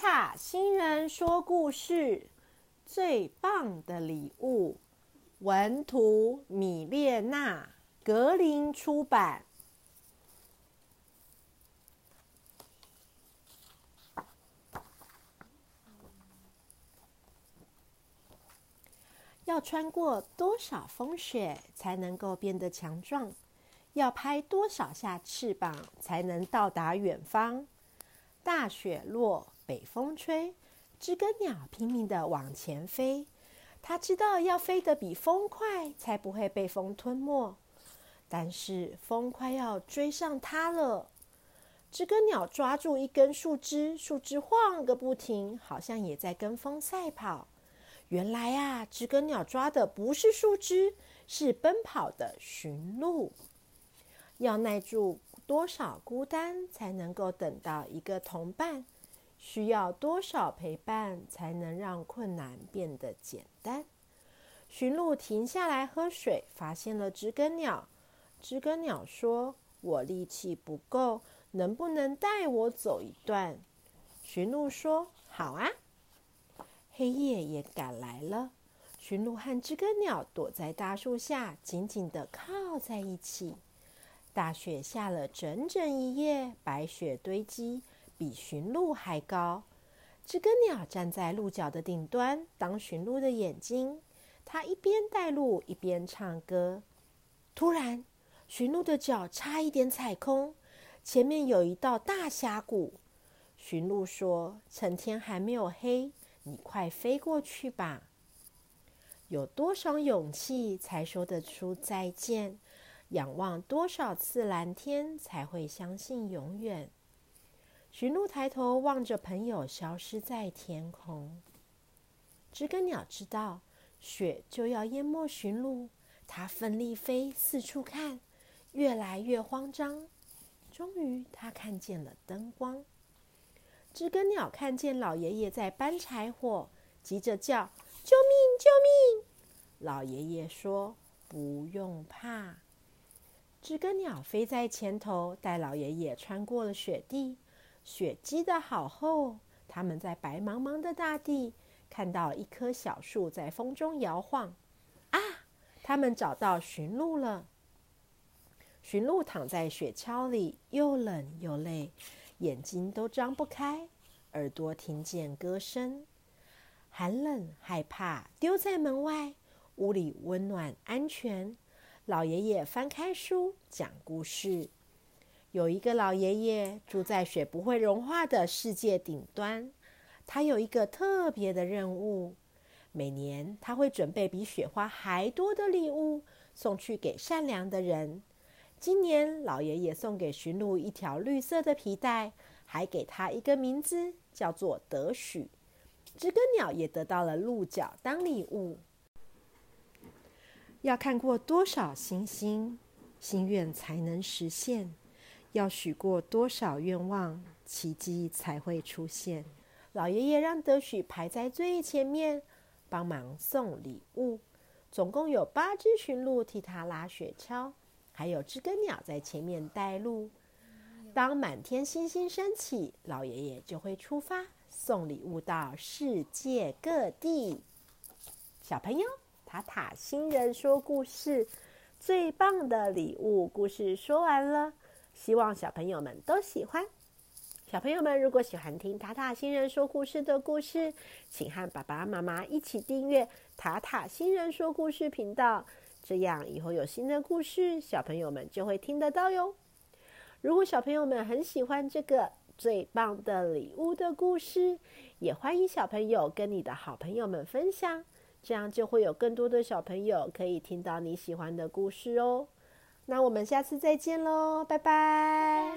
Tata 星人說故事，最棒的禮物。文圖：米列那，格林出版。要穿過多少風雪才能夠變得強壯？要拍多少下翅膀才能到達遠方？大雪落。北風吹，知更鳥拼命地往前飛。它知道要飛得比風快，才不會被風吞沒。但是風快要追上它了。知更鳥抓住一根樹枝，樹枝晃個不停，好像也在跟風賽跑。原來啊，知更鳥抓的不是樹枝，是奔跑的馴鹿。要耐住多少孤單，才能夠等到一個同伴？需要多少陪伴才能讓困難變得簡單？馴鹿停下來喝水，發現了知更鳥。知更鳥說：“我力氣不夠，能不能帶我走一段？”馴鹿說：“好啊。”黑夜也趕來了，馴鹿和知更鳥躲在大樹下，緊緊地靠在一起。大雪下了整整一夜，白雪堆積。比馴鹿還高，知更鳥站在鹿角的頂端，當馴鹿的眼睛。它一邊帶路，一邊唱歌。突然，馴鹿的腳差一點踩空，前面有一道大峽谷。馴鹿說：“趁天還沒有黑，你快飛過去吧。”有多少勇氣才說得出再見？仰望多少次藍天才會相信永遠？馴鹿抬頭望着朋友消失在天空。知更鳥知道雪就要淹沒馴鹿，它奮力飛，四處看，越來越慌張。終於，它看見了燈光。知更鳥看見老爺爺在搬柴火，急着叫：“救命！救命！”老爺爺說：“不用怕。”知更鳥飛在前頭，帶老爺爺穿過了雪地。雪積得好厚，他們在白茫茫的大地看到一棵小樹在風中搖晃。啊，他們找到馴鹿了。馴鹿躺在雪橇裡，又冷又累，眼睛都睜不開，耳朵聽見歌聲。寒冷害怕，丟在門外，屋裡溫暖安全。老爺爺翻開書講故事。有一個老爺爺住在雪不會融化的世界頂端，他有一個特別的任務。每年他會準備比雪花還多的禮物送去給善良的人。今年老爺爺送給馴鹿一條綠色的皮帶，還給他一個名字，叫做德許。知更鳥也得到了鹿角當禮物。要看過多少星星，心願才能實現？要許過多少願望，奇蹟才會出現？老爺爺讓德許排在最前面，幫忙送禮物。總共有八隻馴鹿替他拉雪橇，還有知更鳥在前面帶路。當滿天星星升起，老爺爺就會出發，送禮物到世界各地。小朋友，塔塔星人說故事，最棒的禮物故事說完了。希望小朋友們都喜歡。小朋友們如果喜歡聽塔塔星人說故事的故事，請和爸爸媽媽一起訂閱塔塔星人說故事頻道，這樣以後有新的故事，小朋友們就會聽得到喲。如果小朋友們很喜歡這個最棒的禮物的故事，也歡迎小朋友跟你的好朋友們分享，這樣就會有更多的小朋友可以聽到你喜歡的故事哦。那我們下次再見嘍，拜拜。